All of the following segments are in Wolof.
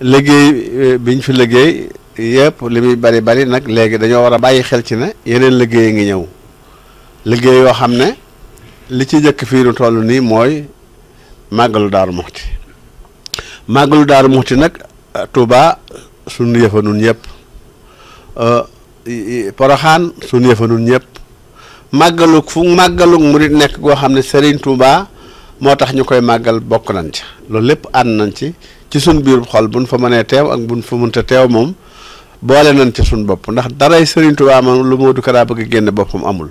liggéey euh, bi ñu fi liggéey yëpp li muy bari bari nag léegi dañoo war a bàyyi xel ci ne yeneen liggéey a ngi ñëw liggéey yoo xam ne li ci njëkk fii nu toll nii mooy màggalu daaru muxti màggalu daaru muxti nag euh, Touba sunu yëfa nun ñëpp euh, Poroxaan sunu yëfa nun ñëpp màggalu fu mu murit nekk goo xam ne Serigne Touba. moo tax ñu koy màggal bokk nañ ci loolu lépp ànd nañ ci ci suñ biir xol buñ fa mënee teew ak buñ fa mënta teew moom boole nañ ci suñ bopp ndax daray Serigne Touba moom lu Modou Kara bëgg génne boppam amul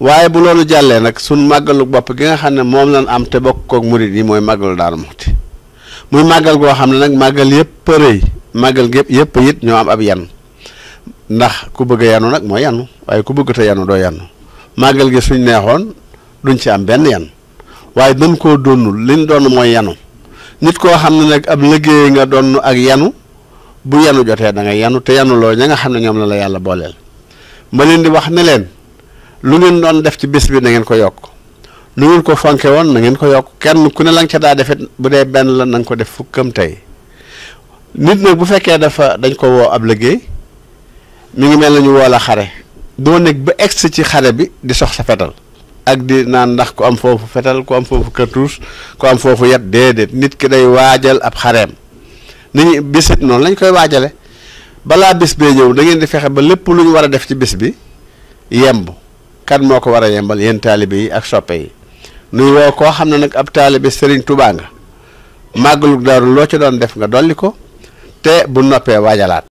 waaye bu loolu jàllee nag suñ màggalu bopp gi nga xam ne moom lañ am te bokk kook murid yi mooy màggalu Daaru Muxti muy màggal goo xam ne nag màggal yëpp rëy màggal gépp yëpp yit ñoo am ab yan ndax ku bëgg a yanu nag mooy yanu waaye ku bëgg te yanu doo màggal gi suñ neexoon duñ ci am benn yan waaye dañ koo doonul liñ doon mooy yanu nit koo xam ne nag ab liggéey nga doon ak yanu bu yanu jotee da nga yanu te yanu loo ña nga xam ne ñoom la la yàlla booleel ma leen di wax ne leen lu ngeen doon def ci bés bi na ngeen ko yokk lu ngeen ko fonke woon na ngeen ko yokk kenn ku ne la nga ca daa defit bu dee benn la na ko def fukkam tey nit nag bu fekkee dafa dañ ko woo ab liggéey mu ngi mel na ñu woo la xare doo nekk ba egsi ci xare bi di sox sa ak di naan ndax ku am foofu fetal ku am foofu cartouche ku am foofu yat déedéet nit ki day waajal ab xareem ni ñu bisit noonu lañ koy waajale balaa bis bee ñëw da di fexe ba lépp lu ñu war a def ci bis bi yemb kan moo ko war a yembal yéen taalibe yi ak soppe yi nuy woo koo xam ne nag ab taalibe sëriñ tubaa nga màggalug daaru loo ci doon def nga dolli ko te bu noppee waajalaat